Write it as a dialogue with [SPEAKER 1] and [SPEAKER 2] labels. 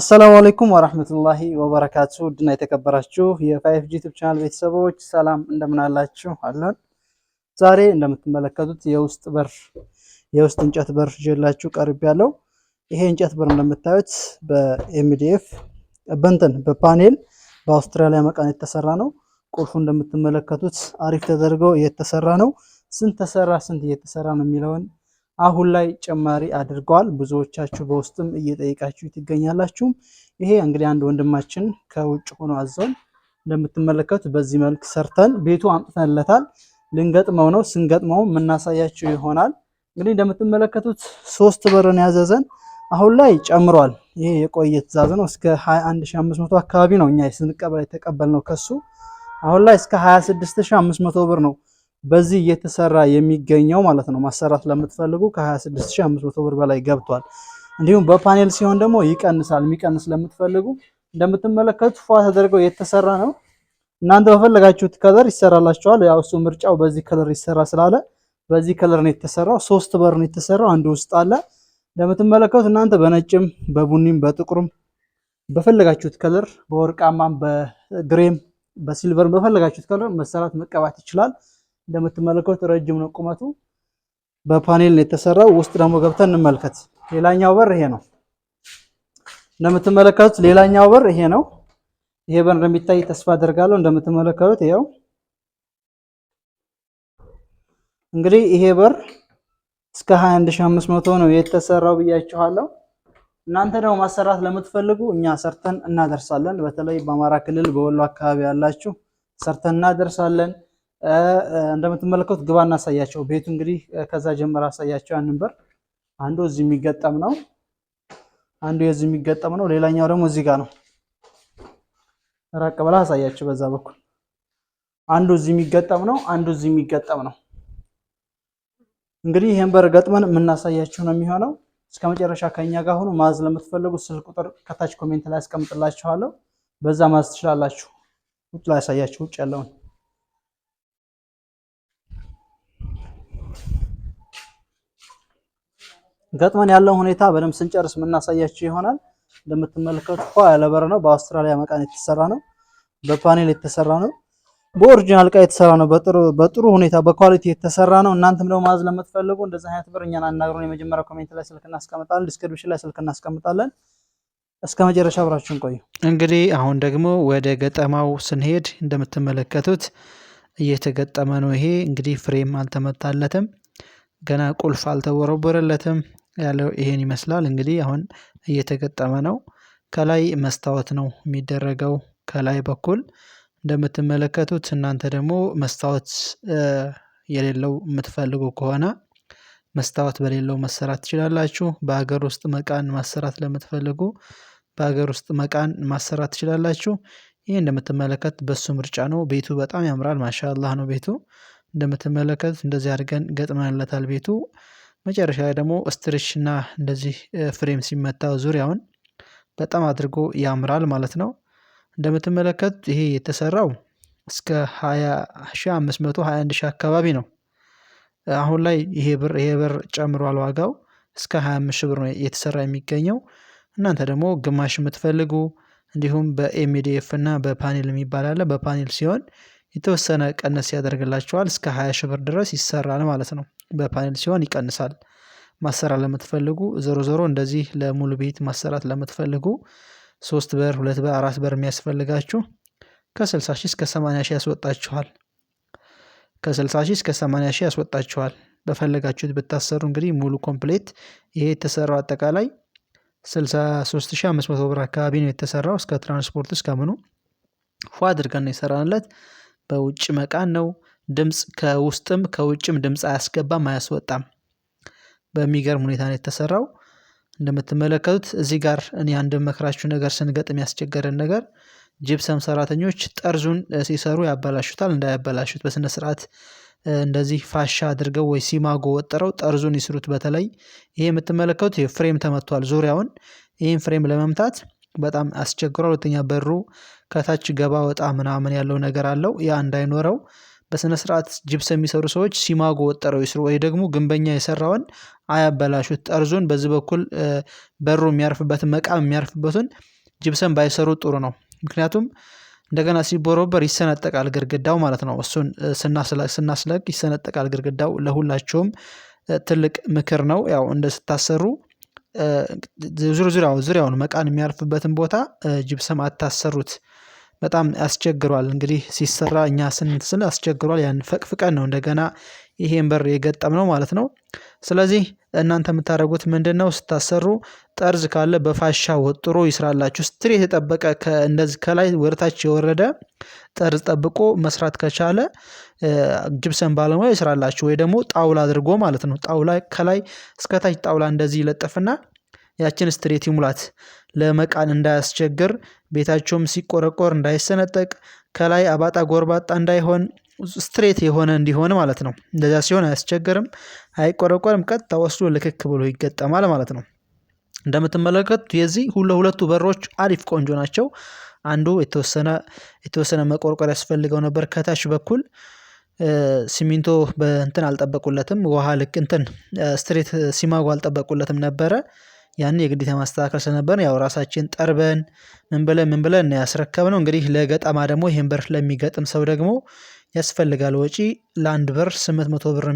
[SPEAKER 1] አሰላሙ አለይኩም ወራህመቱላሂ ወበረካቱ ድና የተከበራችሁ የፋይፍ ጂ ዩቲዩብ ቻናል ቤተሰቦች ሰላም እንደምን አላችሁ? አለን። ዛሬ እንደምትመለከቱት የውስጥ በር የውስጥ እንጨት በር ይዤላችሁ ቀርብ ያለው ይሄ እንጨት በር እንደምታዩት በኤምዲኤፍ በእንትን በፓኔል በአውስትራሊያ መቃን የተሰራ ነው። ቁልፉ እንደምትመለከቱት አሪፍ ተደርገው የተሰራ ነው። ስንት ተሰራ ስንት እየተሰራ ነው የሚለውን አሁን ላይ ጭማሪ አድርገዋል። ብዙዎቻችሁ በውስጥም እየጠየቃችሁ ትገኛላችሁ። ይሄ እንግዲህ አንድ ወንድማችን ከውጭ ሆኖ አዘውን እንደምትመለከቱ በዚህ መልክ ሰርተን ቤቱ አምጥተንለታል። ልንገጥመው ነው። ስንገጥመው የምናሳያችሁ ይሆናል። እንግዲህ እንደምትመለከቱት ሶስት በርን ያዘዘን አሁን ላይ ጨምሯል። ይሄ የቆየ ትእዛዝ ነው። እስከ 21500 አካባቢ ነው እኛ ስንቀበል ነው ከሱ አሁን ላይ እስከ 26500 ብር ነው በዚህ እየተሰራ የሚገኘው ማለት ነው። ማሰራት ለምትፈልጉ ከ26500 ብር በላይ ገብቷል። እንዲሁም በፓኔል ሲሆን ደግሞ ይቀንሳል። የሚቀንስ ለምትፈልጉ እንደምትመለከቱት ፏ ተደርገው የተሰራ ነው። እናንተ በፈለጋችሁት ከለር ይሰራላችኋል። ያው እሱ ምርጫው በዚህ ከለር ይሰራ ስላለ በዚህ ከለር ነው የተሰራው። ሶስት በር ነው የተሰራው። አንዱ ውስጥ አለ እንደምትመለከቱት እናንተ በነጭም በቡኒም በጥቁርም በፈለጋችሁት ከለር በወርቃማም በግሬም በሲልቨርም በፈለጋችሁት ከለር መሰራት መቀባት ይችላል። እንደምትመለከቱት ረጅም ነው ቁመቱ። በፓኔል ነው የተሰራው። ውስጥ ደግሞ ገብተን እንመልከት። ሌላኛው በር ይሄ ነው። እንደምትመለከቱት ሌላኛው በር ይሄ ነው። ይሄ በር እንደሚታይ ተስፋ አደርጋለሁ። እንደምትመለከቱት ያው እንግዲህ ይሄ በር እስከ 21500 ነው የተሰራው ብያችኋለሁ። እናንተ ደግሞ ማሰራት ለምትፈልጉ እኛ ሰርተን እናደርሳለን። በተለይ በአማራ ክልል በወሎ አካባቢ ያላችሁ ሰርተን እናደርሳለን። እንደምትመለከቱት ግባ እናሳያቸው። ቤቱ እንግዲህ ከዛ ጀምር አሳያቸው። ያንን በር አንዱ እዚህ የሚገጠም ነው፣ አንዱ የዚህ የሚገጠም ነው፣ ሌላኛው ደግሞ እዚህ ጋር ነው። ራቅ ብላ አሳያቸው። በዛ በኩል አንዱ እዚህ የሚገጠም ነው፣ አንዱ እዚህ የሚገጠም ነው። እንግዲህ ይህን በር ገጥመን የምናሳያቸው ነው የሚሆነው። እስከ መጨረሻ ከኛ ጋር ሁኑ። ማዝ ለምትፈልጉ ስልክ ቁጥር ከታች ኮሜንት ላይ አስቀምጥላችኋለሁ። በዛ ማዝ ትችላላችሁ። ውጭ ላይ አሳያችሁ፣ ውጭ ያለውን ገጥመን ያለው ሁኔታ በደንብ ስንጨርስ የምናሳያችሁ ይሆናል። እንደምትመለከቱ ኳ ያለ ነው። በአውስትራሊያ መቃን የተሰራ ነው። በፓኔል የተሰራ ነው። በኦሪጂናል እቃ የተሰራ ነው። በጥሩ ሁኔታ በኳሊቲ የተሰራ ነው። እናንተም ደግሞ ማዝ ለምትፈልጉ እንደዚህ አይነት ብር እኛን አናግሩን። የመጀመሪያ ኮሜንት ላይ ስልክ እናስቀምጣለን፣ ዲስክሪፕሽን ላይ ስልክ እናስቀምጣለን። እስከ መጨረሻ አብራችሁን ቆዩ።
[SPEAKER 2] እንግዲህ አሁን ደግሞ ወደ ገጠማው ስንሄድ እንደምትመለከቱት እየተገጠመ ነው። ይሄ እንግዲህ ፍሬም አልተመታለትም፣ ገና ቁልፍ አልተወረወረለትም። ያለው ይሄን ይመስላል እንግዲህ አሁን እየተገጠመ ነው። ከላይ መስታወት ነው የሚደረገው ከላይ በኩል እንደምትመለከቱት እናንተ ደግሞ መስታወት የሌለው የምትፈልጉ ከሆነ መስታወት በሌለው መሰራት ትችላላችሁ። በሀገር ውስጥ መቃን ማሰራት ለምትፈልጉ በሀገር ውስጥ መቃን ማሰራት ትችላላችሁ። ይህ እንደምትመለከት በሱ ምርጫ ነው። ቤቱ በጣም ያምራል ማሻ ነው ቤቱ እንደምትመለከቱት እንደዚህ አድርገን ገጥመንለታል ቤቱ መጨረሻ ላይ ደግሞ ስትሪችና እንደዚህ ፍሬም ሲመታ ዙሪያውን በጣም አድርጎ ያምራል ማለት ነው። እንደምትመለከቱት ይሄ የተሰራው እስከ 20521 ሺ አካባቢ ነው። አሁን ላይ ይሄ ብር ይሄ ብር ጨምሯል ዋጋው እስከ 25 ሺህ ብር ነው የተሰራ የሚገኘው። እናንተ ደግሞ ግማሽ የምትፈልጉ እንዲሁም በኤምዲኤፍ እና በፓኔል የሚባል አለ። በፓኔል ሲሆን የተወሰነ ቀነስ ያደርግላቸዋል እስከ 20 ሺ ብር ድረስ ይሰራል ማለት ነው። በፓኔል ሲሆን ይቀንሳል። ማሰራት ለምትፈልጉ ዞሮ ዘሮ እንደዚህ ለሙሉ ቤት ማሰራት ለምትፈልጉ ሶስት በር ሁለት በር አራት በር የሚያስፈልጋችሁ ከ60 ሺህ እስከ 80 ሺህ ያስወጣችኋል። ከ60 ሺህ እስከ 80 ሺህ ያስወጣችኋል። በፈለጋችሁት ብታሰሩ እንግዲህ ሙሉ ኮምፕሌት ይሄ የተሰራው አጠቃላይ 63500 ብር አካባቢ ነው የተሰራው። እስከ ትራንስፖርት እስከ ምኑ ፏ አድርገን ነው የሰራንለት። በውጭ መቃን ነው ድምጽ ከውስጥም ከውጭም ድምፅ አያስገባም አያስወጣም። በሚገርም ሁኔታ ነው የተሰራው። እንደምትመለከቱት እዚህ ጋር እኔ አንድ የምመክራችሁ ነገር ስንገጥም ያስቸገረን ነገር ጅብሰም ሰራተኞች ጠርዙን ሲሰሩ ያበላሹታል። እንዳያበላሹት በስነ ስርዓት እንደዚህ ፋሻ አድርገው ወይ ሲማጎ ወጥረው ጠርዙን ይስሩት። በተለይ ይሄ የምትመለከቱት ፍሬም ተመቷል ዙሪያውን። ይህን ፍሬም ለመምታት በጣም አስቸግሯል። ሁለተኛ በሩ ከታች ገባ ወጣ ምናምን ያለው ነገር አለው ያ እንዳይኖረው በስነ ስርዓት ጅብስ የሚሰሩ ሰዎች ሲማጎ ወጠረው ይስሩ፣ ወይ ደግሞ ግንበኛ የሰራውን አያበላሹት። ጠርዙን በዚህ በኩል በሩ የሚያርፍበትን መቃም የሚያርፍበትን ጅብሰን ባይሰሩ ጥሩ ነው። ምክንያቱም እንደገና ሲቦረበር ይሰነጠቃል ግድግዳው ማለት ነው። እሱን ስናስለቅ ይሰነጠቃል ግድግዳው። ለሁላችሁም ትልቅ ምክር ነው። ያው እንደ ስታሰሩ ዙሪያውን መቃን የሚያርፍበትን ቦታ ጅብሰም አታሰሩት። በጣም አስቸግሯል። እንግዲህ ሲሰራ እኛ ስንት ስንስል አስቸግሯል ያን ፈቅፍቀን ነው እንደገና ይሄን በር የገጠም ነው ማለት ነው። ስለዚህ እናንተ የምታደርጉት ነው? ስታሰሩ ጠርዝ ካለ በፋሻ ወጥሮ ይስራላችሁ። ስትሪ የተጠበቀ እንደዚህ ከላይ ወደታች የወረደ ጠርዝ ጠብቆ መስራት ከቻለ ጅብሰን ባለሙያ ይስራላችሁ፣ ወይ ደግሞ ጣውላ አድርጎ ማለት ነው። ጣውላ ከላይ እስከታች ጣውላ እንደዚህ ይለጠፍና ያችን ስትሬት ይሙላት። ለመቃን እንዳያስቸግር፣ ቤታቸውም ሲቆረቆር እንዳይሰነጠቅ፣ ከላይ አባጣ ጎርባጣ እንዳይሆን ስትሬት የሆነ እንዲሆን ማለት ነው። እንደዚያ ሲሆን አያስቸግርም፣ አይቆረቆርም። ቀጥታ ወስዶ ልክክ ብሎ ይገጠማል ማለት ነው። እንደምትመለከቱት የዚህ ለሁለቱ በሮች አሪፍ ቆንጆ ናቸው። አንዱ የተወሰነ የተወሰነ መቆርቆር ያስፈልገው ነበር ከታች በኩል ሲሚንቶ በእንትን አልጠበቁለትም። ውሃ ልክ እንትን ስትሬት ሲማጉ አልጠበቁለትም ነበረ። ያን የግዴታ ማስተካከል ስለነበር ያው ራሳችን ጠርበን ምን ብለን ምን ብለን ነው። እንግዲህ ለገጠማ ደግሞ ይሄን በር ለሚገጥም ሰው ደግሞ ያስፈልጋል ወጪ ለአንድ በር ስምንት መቶ ብር